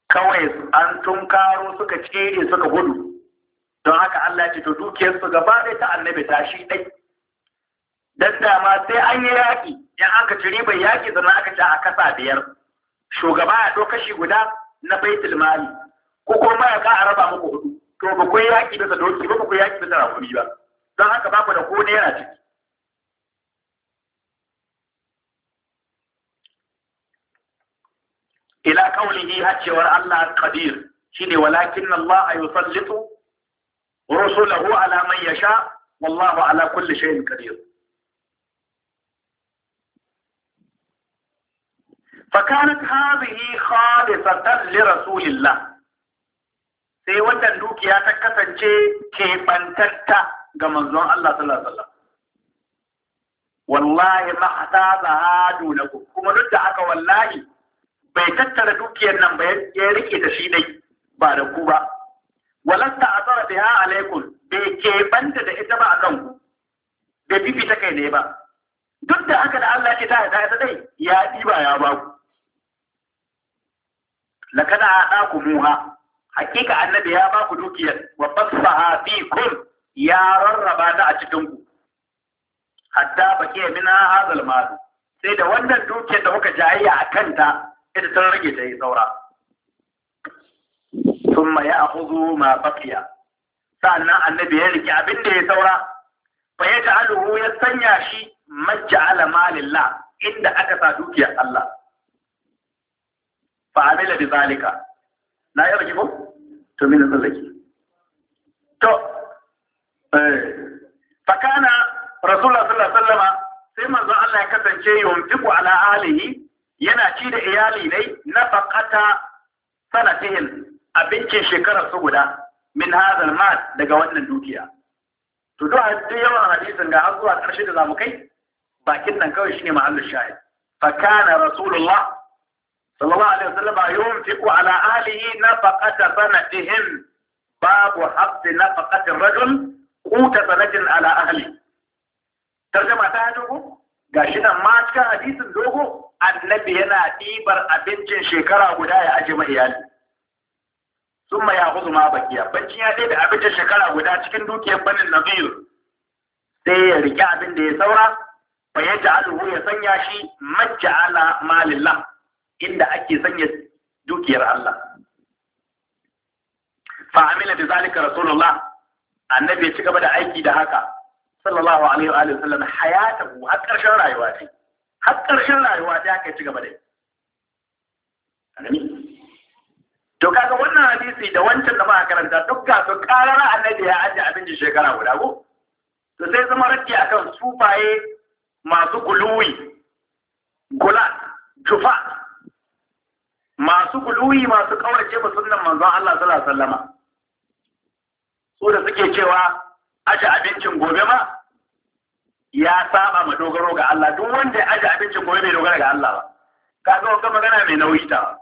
kawai an tunkaro suka cire suka gudu don haka Allah ce to su gaba ɗaya ta annabi ta shi ɗai dan dama sai an yi yaƙi in aka ci ribar yaƙi sannan aka ci a kasa biyar shugaba ya ɗau kashi guda na baitul mali ko kuma mayaka a raba muku hudu to ba ku yaki bisa doki ba ba ku yaki bisa rakumi ba don haka ba ku da ko naira ciki ila kaulihi haccewar Allah qadir shine walakin Allah yusallitu rusulahu ala man yasha wallahu ala kulli shay'in qadir فكانت هذه خالصة لرسول الله sai wannan dukiya ta kasance keɓantatta ga manzon Allah sallallahu alaihi wasallam wallahi ma hasabaha dunakum kuma duk da haka wallahi bai tattara dukiyar nan ba ya rike ta shi dai ba da ku ba walasta azara biha alaikum bai keɓanta da ita ba a ku. bai fifita kai ne ba duk da haka da Allah ke ta ya ta dai ya ɗiba ya ba ku lakana a ku muha hakika annabi ya ba ku dukiyar wa fasaha kun ya rarraba ta a cikin ku hatta bakiya mina hazal mal sai da wannan dukiyar da muka jayayya a kanta ita ta rage ta yi saura ya ya'khudhu ma baqiya sa'annan annabi ya rike abin da ya saura fa ya ta'aluhu ya sanya shi maj'ala malillah inda aka sa dukiyar Allah fa amila bi zalika na yarki ko to mina tsallake to eh, fakana rasulullah sallallahu alaihi sai manzo Allah ya kasance yunfiqu ala alihi yana ci da iyali ne na faqata sanatihin abincin shekarar su guda min hadal mal daga wannan dukiya to duk yawan hadisin ga har zuwa ƙarshe da zamu kai bakin nan kawai shine mahallin shahid Fakana rasulullah sallallahu alaihi wasallam yunfiqu ala ahlihi nafaqata sanatihim babu habsi nafaqati rajul quta sanatin ala ahli tarjama ta dogo gashi nan ma cikin hadisin dogo annabi yana ɗibar abincin shekara guda ya aje mai iyali sun ya huzu ma bakiya ya da abincin shekara guda cikin dukiyar banin nabiyu sai ya riƙe abin da ya saura fa ya ya sanya shi majja'ala malillah inda ake sanya dukiyar Allah fa amila bi zalika rasulullah annabi ya ci gaba da aiki da haka sallallahu alaihi wa alihi hayata. hayatahu har karshen rayuwa ce har karshen rayuwa ce haka ya ci gaba da to kaga wannan hadisi da wancan da muka karanta duk ga su karara annabi ya aje abinci shekara guda ko to sai zama raddi akan sufaye masu guluwi gula jufa masu kuluyi, masu kaurace ba sunnan manzon Allah sallallahu alaihi wasallama su da suke cewa aje abincin gobe ma ya saba ma dogaro ga Allah duk wanda ya aje abincin gobe bai dogara ga Allah ba Ka ga wannan magana mai nauyi ta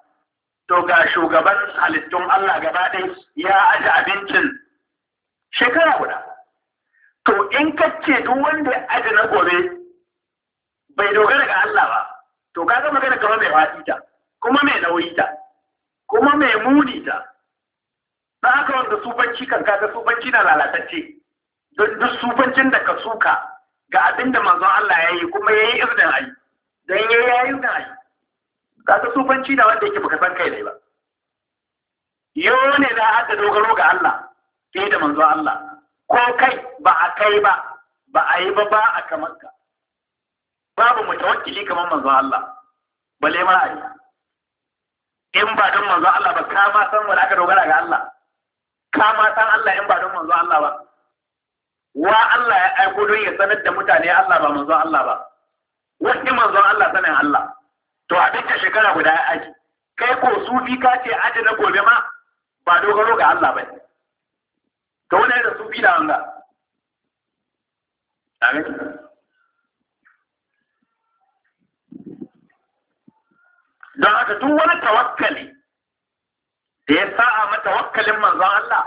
to ga shugaban halittun Allah gaba ɗaya ya aje abincin shekara guda to in kace duk wanda ya aje na gobe bai dogara ga Allah ba to kaga magana kamar mai fadi kuma mai nauyi ta kuma mai muni ta ba haka wanda sufanci kan kaga sufanci na lalatacce don duk sufancin da ka suka ga abin da manzon Allah ya yi kuma ya yi izinin ayi don ya yi ya yi izinin ayi kaga sufanci na wanda yake baka san kai ne ba yau ne za a dogaro ga Allah fiye da manzon Allah ko kai ba a kai ba ba a yi ba ba a kamar ka babu mutawakkili kamar manzon Allah balle mara in ba don manzo Allah ba ka ma san wani aka dogara ga Allah ka ma san Allah in ba don manzo Allah ba wa Allah ya aiko don ya sanar da mutane Allah ba manzo Allah ba wani manzo Allah sanin Allah to a dukkan shekara guda ya aji kai ko sufi ka ce aji na gobe ma ba dogaro ga Allah ba to wani da sufi da wanga Amin. don haka duk wani tawakkali da ya sa'a matawakkalin manzon Allah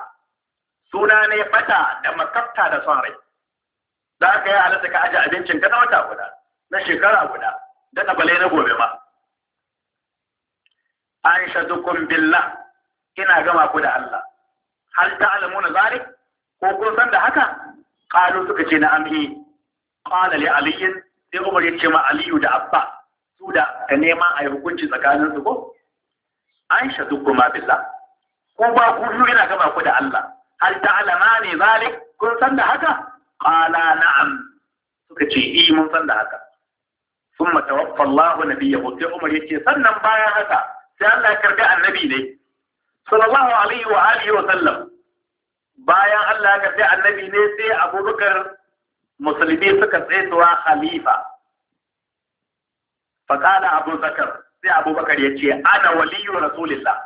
suna ne bata da makafta da son rai za ka yi halatta ka aje abincin ka na wata guda na shekara guda da na na gobe ma an shadukum billah ina gama ku da Allah hal na zalik ko kun san da haka qalu suka ce na amhi eh. qala li aliyin sai umar ya ce ma aliyu da abba su da ka nema a yi hukunci tsakanin su ko sha duk kuma bisa. ko ba ku biyu yana gaba ku da Allah hal ta'lama ne zalik kun san da haka qala na'am suka ce i mun san da haka thumma tawaffa Allahu nabiyyahu sai Umar yace sannan bayan haka sai Allah ya karbi annabi ne sallallahu alaihi wa alihi wa sallam bayan Allah ya karbi annabi ne sai Abubakar musulmi suka tsaye tsaitsuwa khalifa faƙala abu zakar sai abubakar ya ce ana waliyu rasulillah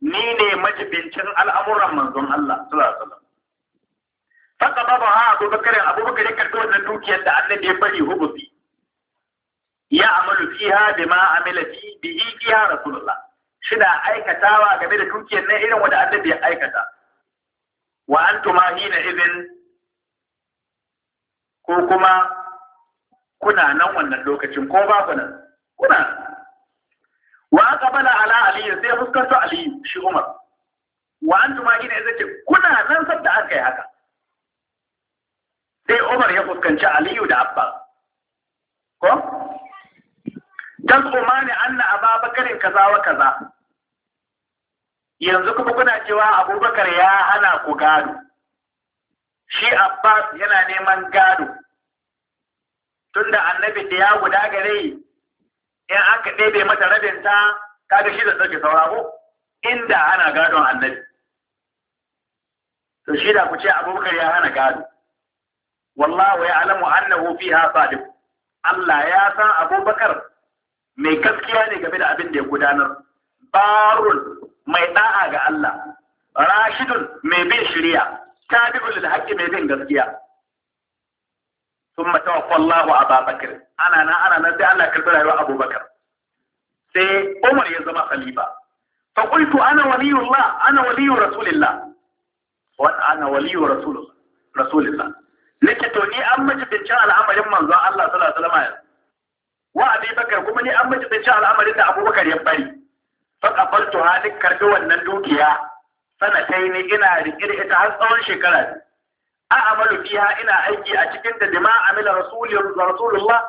ni ne majibincin al'amuran manzon Allah sallallahu faƙa ba ha abu abubakar ya karɓi wannan dukiyar da annabi ya bari hubusi ya amalu fiha bima amila fi bihi fiha rasulullah shida aikatawa game da dukiyar na irin wanda annabi ya aikata wa antuma na idin ko kuma kuna nan wannan lokacin ko babu nan Kuna! wa aka bala ala aliyu sai fuskanta aliyu shi Umar wa an tuma gina ya zace kuna nan sabda aka yi haka sai Umar ya fuskanci aliyu da Abba ko dan umani anna ababakarin kaza wa kaza yanzu kuma kuna cewa abubakar ya hana ku gado shi abbas yana neman gado tunda annabi da ya guda gare in aka ɗebe mata rabin ta kaga shi da sauke saura inda ana gadon annabi to shi da ku ce abubakar ya hana gado wallahu ya alamu annahu ha sadiq Allah ya san abubakar mai gaskiya ne game da abin da ya gudanar barun mai ɗa'a ga Allah rashidun mai bin shari'a tabi'ul haqqi mai bin gaskiya ثم توفى الله أبا بكر أنا أنا أنا نزي الله كربلا أبو بكر سي عمر يزما خليفة فقلت أنا ولي الله أنا ولي رسول الله وأنا ولي رسول الله رسول الله al'amarin manzon Allah sallallahu alaihi wasallam wa abi bakar kuma ni an majibinci al'amarin da abubakar ya bari fa qabaltu halik karbi wannan dukiya sanatai ne ina riƙe ita har tsawon shekara a'malu fiha ina aiki a cikin da bima amila rasulullah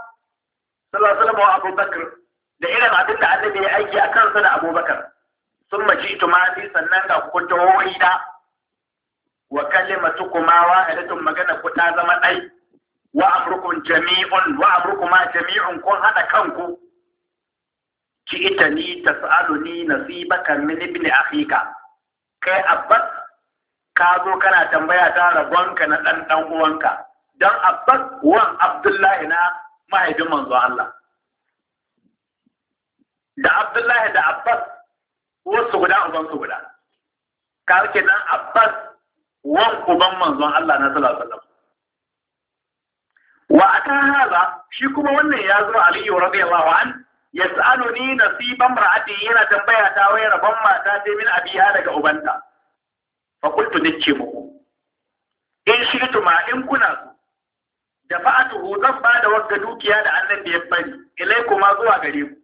sallallahu alaihi da irin abin da annabi ya aiki a kansa da abubakar sun maji tumani sannan ga kukunta wuri da wa kalimatu kuma wa magana ku ta zama ɗai wa amrukum jami'un wa jami'un kun haɗa kanku ki ita ni tas'aluni nasibakan min ibn akhika kai abbas ka zo kana tambaya ta rabonka na dan ɗan uwanka dan abbas wan abdullahi na mahaifin manzo Allah da abdullahi da abbas wasu guda uban su guda ka ke dan abbas wan uban manzo Allah na sallallahu alaihi wasallam wa aka haza shi kuma wannan ya zo aliyu radiyallahu an yas'aluni nasiban ra'ati yana tambaya ta wai rabon mata ta min abiya daga ubanta fa qultu nace muku in shi ma in kuna so da fa'atuhu zan ba da wagga dukiya da annabi ya bari ilai kuma zuwa gare ku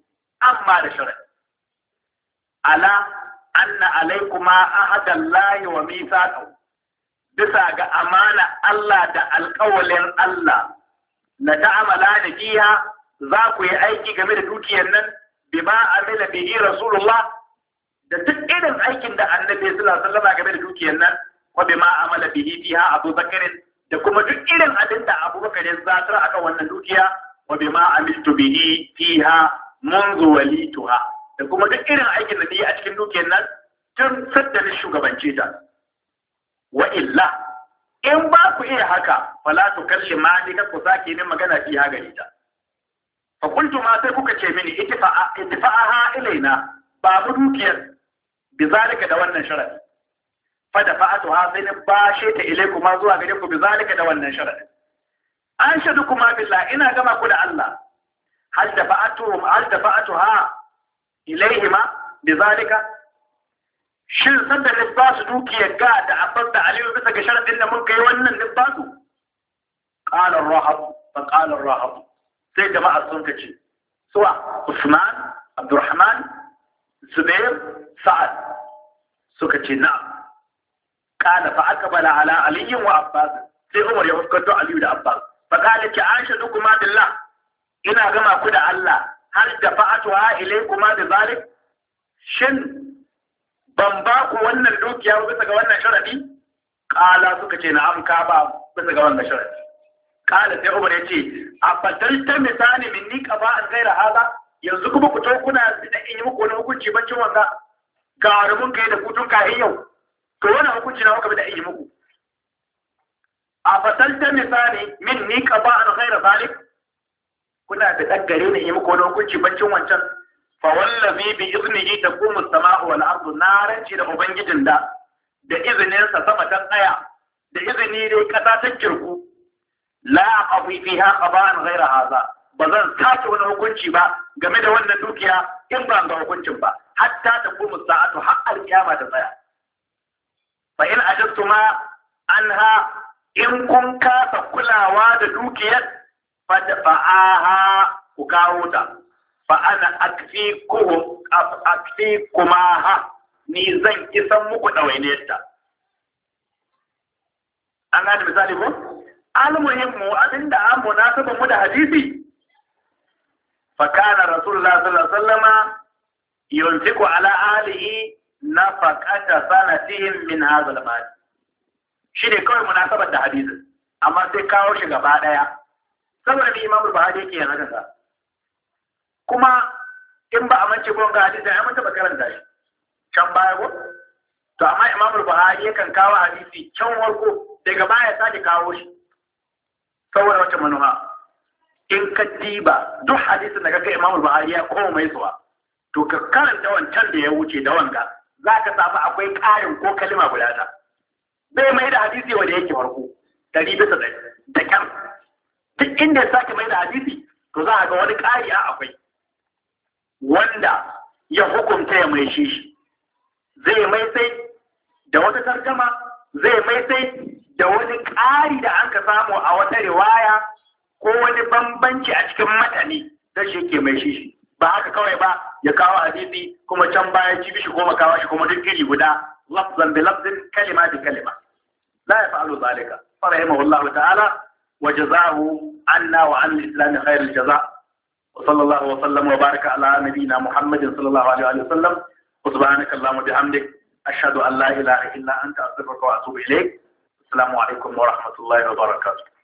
amma da sharadi ala anna alaikuma ahadallahi wa mithaqahu bisa ga amana Allah da alƙawalin Allah na ta'amala da jiya za ku yi aiki game da dukiyar nan bima amila bihi rasulullah da duk irin aikin da annabi sallallahu alaihi wasallam game da dukiyar nan wa bima amala bihi fiha Abu Bakr da kuma duk irin abin da Abu Bakr ya zatar akan wannan dukiya wa bima amiltu bihi fiha منذ وليتها da kuma duk irin aikin da ni a cikin dukiyar nan tun sadda ni shugabance ta wa illa in ba ku iya haka fala tu kalli ma ni ku sake min magana fi ha gari ta fa kuntu ma sai kuka ce mini ittifa'a ittifa'aha ilaina ba mu dukiyar bi zalika da wannan sharadi fa da fa'atu ha sai bashe ta ilaikum ma zuwa gare ku bi zalika da wannan sharadi an shadu kuma billah ina gama ku da Allah hal da fa'atu hal da fa'atu ha ilaihima bi zalika shin sanda libbasu dukiya ga da abbas da aliyu bisa ga sharadin da mun kai wannan libbasu qala ar-rahab fa qala ar-rahab sai jama'a sun kace suwa usman abdurrahman zubair sa'ad suka ce na kana fa bala ala aliyin wa abbas sai umar ya fuskanto aliyu da abbas fa kana ki aisha dukuma billah ina gama ku da Allah har da fa'atuha ilaykuma bi zalik shin ban ba ku wannan dukiya bisa ga wannan sharadi kala suka ce na'am ka ba bisa ga wannan sharadi kala sai umar ya ce a fatalta misali minni qaba an ghaira hada yanzu kuma ku tau kuna da in yi muku wani hukunci bacin wanga ga ka yi da kutun yi yau to wani hukunci na wakabi bi da in yi muku a fasalta misali min ni ka ba an ghaira zalik kuna da daggare na yi muku wani hukunci bacin wancan fa wallazi bi iznihi taqumu as wani wal ardu naranci da ubangijin da da sa sama ta tsaya da izini dai kasa ta kirku la aqdi fiha qaban ghaira hadha ba zan sake wani hukunci ba game da wannan dukiya in ba ga hukuncin ba hatta ta kuma sa'atu har alkiyama ta tsaya fa in ajabtuma anha in kun kasa kulawa da dukiyar fa fa'aha ku kawo ta fa ana akfikum kuma ha ni zan kisan muku ɗawainiyar ta an gane misali ko almuhimmu abinda an munasaba mu da hadisi fakana rasulullah sallallahu alaihi wasallam yunfiqu ala alihi nafaqata sanatihim min hadha al-mal shine kawai munasabar da hadisin amma sai kawo shi gaba daya saboda bi imamu buhari yake yana da kuma in ba a mance gon ga hadisin ai mun bakaran karanta shi can baya ko to amma imamu buhari yakan kawo hadisi can warko daga baya sake kawo shi saboda wata manufa in ka diba duk hadisin da kaga Imam Buhari ya koma mai to ka karanta wancan da ya wuce da wanga zaka samu akwai ƙarin ko kalima guda ta bai mai da hadisi wanda yake farko dari bisa dari da kyan duk inda ya sake mai da hadisi to za a ga wani ƙari a akwai wanda ya hukunta ya mai shi zai mai sai da wata tarjama zai mai sai da wani ƙari da an ka samu a wata riwaya ko wani bambanci a cikin matani da shi ke mai shi ba haka kawai ba ya kawo hadisi kuma can baya ci bishi ko kawo shi kuma duk iri guda lafzan bi lafzin kalima bi kalima la yaf'alu zalika fa rahimahullahu ta'ala wa jazahu anna wa an islam khair al jaza wa sallallahu wa sallam wa baraka ala nabiyyina muhammadin sallallahu alaihi wa sallam wa subhanaka allahumma bihamdik ashhadu an la ilaha illa anta astaghfiruka wa atubu ilaik assalamu alaikum wa rahmatullahi wa barakatuh